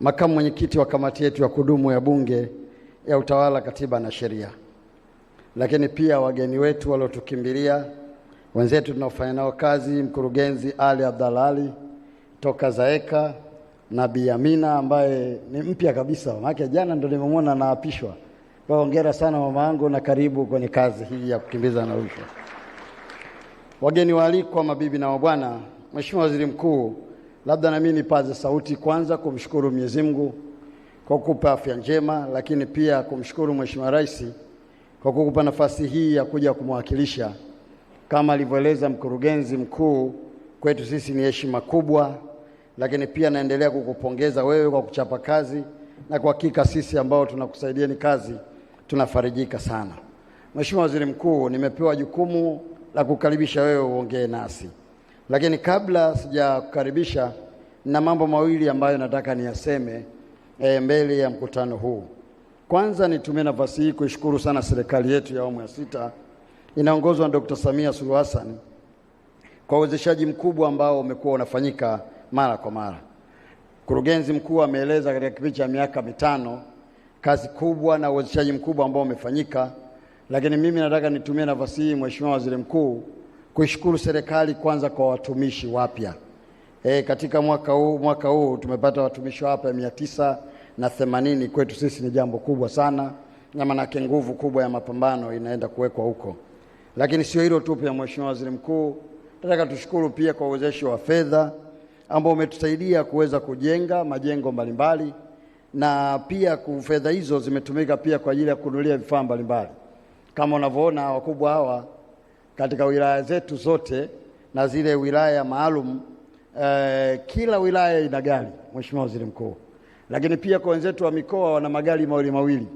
makamu mwenyekiti wa kamati yetu ya kudumu ya Bunge ya Utawala, Katiba na Sheria, lakini pia wageni wetu waliotukimbilia, wenzetu tunaofanya nao kazi, mkurugenzi Ali Abdalali toka Zaeka na Bi Amina ambaye ni mpya kabisa, maana jana ndo nimemwona naapishwa. Kwa hongera sana mama yangu na karibu kwenye kazi hii ya kukimbiza na rushwa. Wageni waalikwa, mabibi na mabwana, Mheshimiwa Waziri Mkuu Labda nami nipaze sauti kwanza kumshukuru Mwenyezi Mungu kwa kukupa afya njema, lakini pia kumshukuru Mheshimiwa Rais kwa kukupa nafasi hii ya kuja kumwakilisha. Kama alivyoeleza mkurugenzi mkuu, kwetu sisi ni heshima kubwa, lakini pia naendelea kukupongeza wewe kwa kuchapa kazi, na kwa hakika sisi ambao tunakusaidia ni kazi tunafarijika sana. Mheshimiwa Waziri Mkuu, nimepewa jukumu la kukaribisha wewe uongee nasi. Lakini kabla sijakukaribisha, na mambo mawili ambayo nataka niyaseme e, mbele ya mkutano huu. Kwanza nitumie nafasi hii kuishukuru sana serikali yetu ya awamu ya sita inaongozwa na Dr. Samia Suluhu Hassan kwa uwezeshaji mkubwa ambao umekuwa unafanyika mara kwa mara. Mkurugenzi mkuu ameeleza katika kipindi cha miaka mitano kazi kubwa na uwezeshaji mkubwa ambao umefanyika, lakini mimi nataka nitumie nafasi hii, Mheshimiwa Waziri Mkuu kuishukuru serikali kwanza kwa watumishi wapya e, katika mwaka huu mwaka huu tumepata watumishi wapya mia tisa na themanini. Kwetu sisi ni jambo kubwa sana, na maanake nguvu kubwa ya mapambano inaenda kuwekwa huko. Lakini sio hilo tu, pia Mheshimiwa Waziri Mkuu, nataka tushukuru pia kwa uwezeshi wa fedha ambao umetusaidia kuweza kujenga majengo mbalimbali na pia fedha hizo zimetumika pia kwa ajili ya kununulia vifaa mbalimbali kama unavyoona wakubwa hawa katika wilaya zetu zote na zile wilaya maalum eh, kila wilaya ina gari, Mheshimiwa Waziri Mkuu, lakini pia kwa wenzetu wa mikoa wana magari mawili mawili.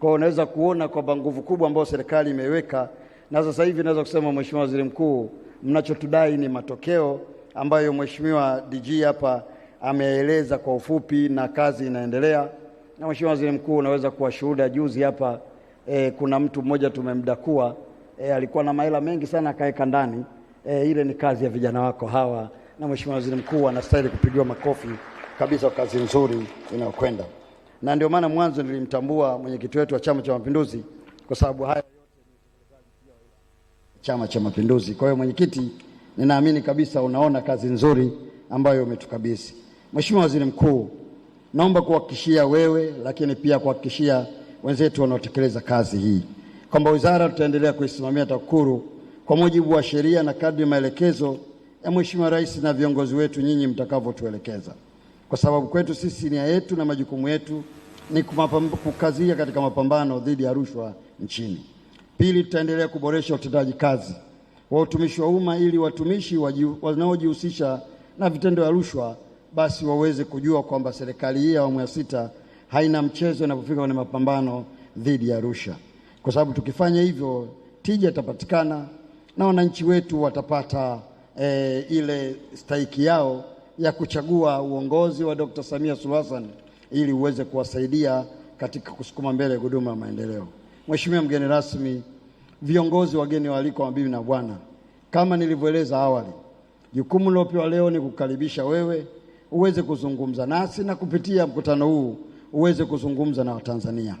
Kwa unaweza kuona kwamba nguvu kubwa ambayo serikali imeweka, na sasa hivi naweza kusema Mheshimiwa Waziri Mkuu, mnachotudai ni matokeo ambayo Mheshimiwa DG hapa ameeleza kwa ufupi, na kazi inaendelea. Na Mheshimiwa Waziri Mkuu, unaweza kuwa shuhuda, juzi hapa eh, kuna mtu mmoja tumemdakua e, alikuwa na mahela mengi sana akaweka ndani e, ile ni kazi ya vijana wako hawa, na Mheshimiwa Waziri Mkuu anastahili kupigiwa makofi kabisa, kazi nzuri inayokwenda, na ndio maana mwanzo nilimtambua mwenyekiti wetu wa Chama cha Mapinduzi kwa sababu haya Chama cha Mapinduzi. Kwa hiyo mwenyekiti, ninaamini kabisa unaona kazi nzuri ambayo umetukabidhi. Mheshimiwa Waziri Mkuu, naomba kuhakikishia wewe, lakini pia kuhakikishia wenzetu wanaotekeleza kazi hii kwamba wizara tutaendelea kuisimamia TAKUKURU kwa mujibu wa sheria na kadri maelekezo ya Mheshimiwa Rais na viongozi wetu nyinyi mtakavyotuelekeza, kwa sababu kwetu sisi nia yetu na majukumu yetu ni kukazia katika mapambano dhidi ya rushwa nchini. Pili, tutaendelea kuboresha utendaji kazi wa utumishi wa umma ili watumishi wanaojihusisha na vitendo vya rushwa basi waweze kujua kwamba serikali hii ya awamu ya sita haina mchezo inapofika kwenye mapambano dhidi ya rushwa kwa sababu tukifanya hivyo tija itapatikana na wananchi wetu watapata e, ile stahiki yao ya kuchagua uongozi wa Dr. Samia Suluhu Hassan ili uweze kuwasaidia katika kusukuma mbele huduma ya maendeleo. Mheshimiwa mgeni rasmi, viongozi, wageni waalikwa, mabibi na bwana, kama nilivyoeleza awali, jukumu lilopewa leo ni kukaribisha wewe uweze kuzungumza nasi na kupitia mkutano huu uweze kuzungumza na Watanzania.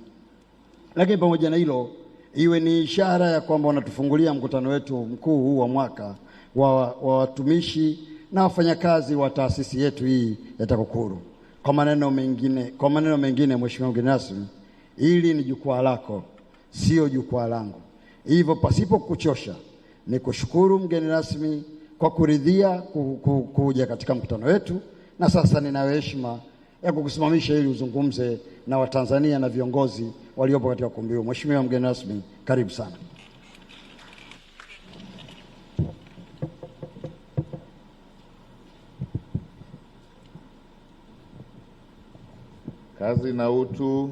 Lakini pamoja na hilo, iwe ni ishara ya kwamba wanatufungulia mkutano wetu mkuu huu wa mwaka wa watumishi na wafanyakazi wa taasisi yetu hii ya TAKUKURU. Kwa maneno mengine, kwa maneno mengine, Mheshimiwa mgeni rasmi, hili ni jukwaa lako, sio jukwaa langu. Hivyo pasipo kuchosha, ni kushukuru mgeni rasmi kwa kuridhia kuja katika mkutano wetu, na sasa ninayo heshima ya kukusimamisha ili uzungumze na Watanzania na viongozi waliopo katika ukumbi huu. Mheshimiwa mgeni rasmi, karibu sana. Kazi na utu,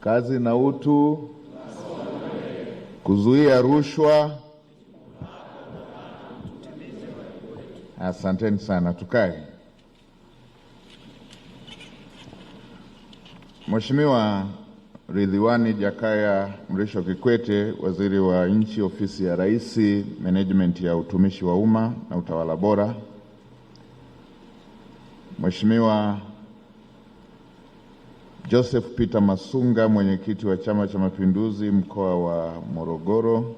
kazi na utu, kuzuia rushwa. Asanteni sana, tukae. Mheshimiwa Ridhiwani Jakaya Mrisho Kikwete, Waziri wa Nchi, Ofisi ya Rais, Management ya Utumishi wa Umma na Utawala Bora. Mheshimiwa Joseph Peter Masunga, Mwenyekiti wa Chama cha Mapinduzi Mkoa wa Morogoro.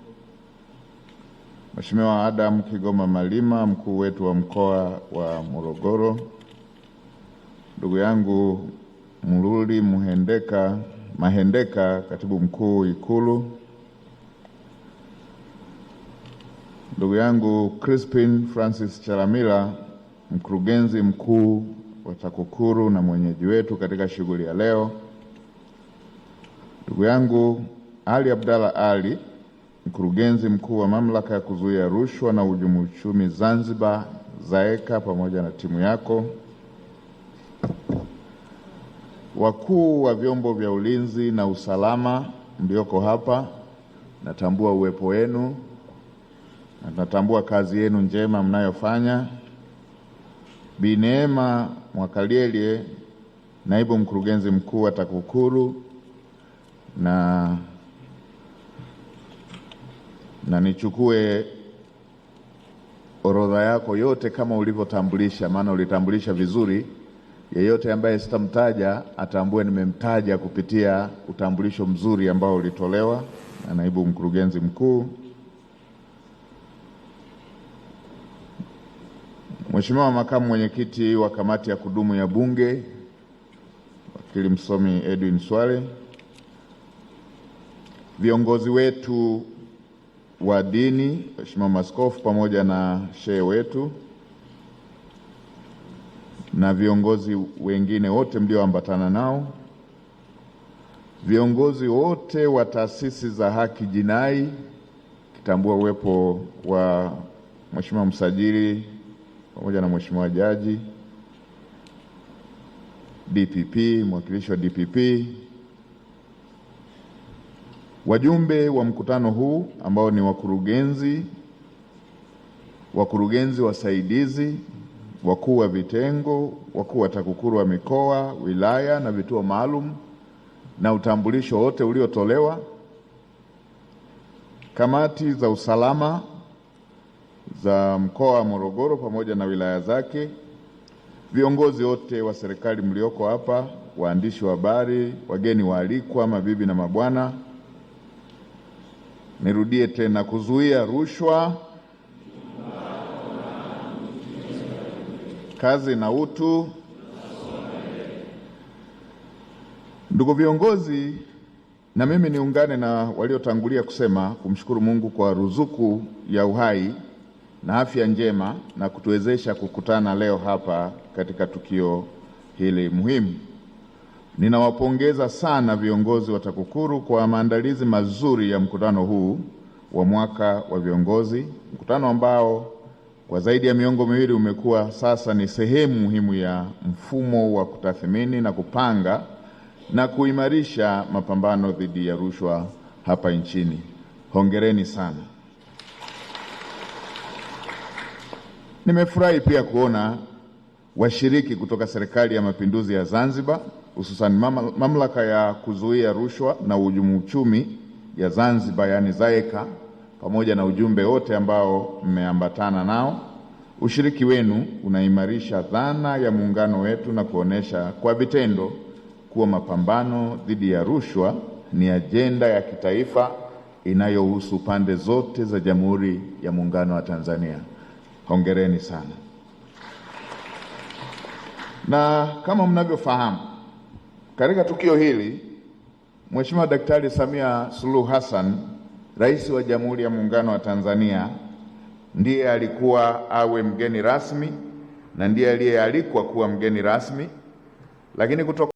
Mheshimiwa Adam Kigoma Malima, mkuu wetu wa mkoa wa Morogoro. Ndugu yangu Mluli Muhendeka Mahendeka, katibu mkuu Ikulu, ndugu yangu Crispin Francis Chalamila, mkurugenzi mkuu wa TAKUKURU na mwenyeji wetu katika shughuli ya leo, ndugu yangu Ali Abdalla Ali, mkurugenzi mkuu wa mamlaka ya kuzuia rushwa na uhujumu uchumi Zanzibar, ZAECA, pamoja na timu yako Wakuu wa vyombo vya ulinzi na usalama mlioko hapa, natambua uwepo wenu na natambua kazi yenu njema mnayofanya. Bi Neema Mwakalyelye, naibu mkurugenzi mkuu wa TAKUKURU, na na nichukue orodha yako yote kama ulivyotambulisha, maana ulitambulisha vizuri. Yeyote ambaye sitamtaja atambue nimemtaja kupitia utambulisho mzuri ambao ulitolewa na naibu mkurugenzi mkuu. Mheshimiwa makamu mwenyekiti wa kamati ya kudumu ya Bunge, wakili msomi Edwin Swale, viongozi wetu wa dini, Mheshimiwa maskofu pamoja na shehe wetu na viongozi wengine wote mlioambatana nao, viongozi wote wa taasisi za haki jinai, kitambua uwepo wa Mheshimiwa msajili pamoja na Mheshimiwa jaji, DPP, mwakilishi wa DPP, wajumbe wa mkutano huu ambao ni wakurugenzi, wakurugenzi wasaidizi wakuu wa vitengo, wakuu wa TAKUKURU wa mikoa, wilaya na vituo maalum na utambulisho wote uliotolewa, kamati za usalama za mkoa wa Morogoro pamoja na wilaya zake, viongozi wote wa serikali mlioko hapa, waandishi wa habari, wageni waalikwa, mabibi na mabwana, nirudie tena, kuzuia rushwa kazi na utu. Ndugu viongozi, na mimi niungane na waliotangulia kusema kumshukuru Mungu kwa ruzuku ya uhai na afya njema na kutuwezesha kukutana leo hapa katika tukio hili muhimu. Ninawapongeza sana viongozi wa TAKUKURU kwa maandalizi mazuri ya mkutano huu wa mwaka wa viongozi, mkutano ambao kwa zaidi ya miongo miwili umekuwa sasa ni sehemu muhimu ya mfumo wa kutathmini na kupanga na kuimarisha mapambano dhidi ya rushwa hapa nchini. Hongereni sana. Nimefurahi pia kuona washiriki kutoka Serikali ya Mapinduzi ya Zanzibar, hususan mamlaka ya kuzuia rushwa na uhujumu uchumi ya Zanzibar, yaani ZAECA pamoja na ujumbe wote ambao mmeambatana nao. Ushiriki wenu unaimarisha dhana ya muungano wetu na kuonesha kwa vitendo kuwa mapambano dhidi ya rushwa ni ajenda ya kitaifa inayohusu pande zote za Jamhuri ya Muungano wa Tanzania. Hongereni sana. Na kama mnavyofahamu, katika tukio hili Mheshimiwa Daktari Samia Suluhu Hassan Rais wa Jamhuri ya Muungano wa Tanzania ndiye alikuwa awe mgeni rasmi na ndiye aliyealikwa kuwa mgeni rasmi, lakini kutoka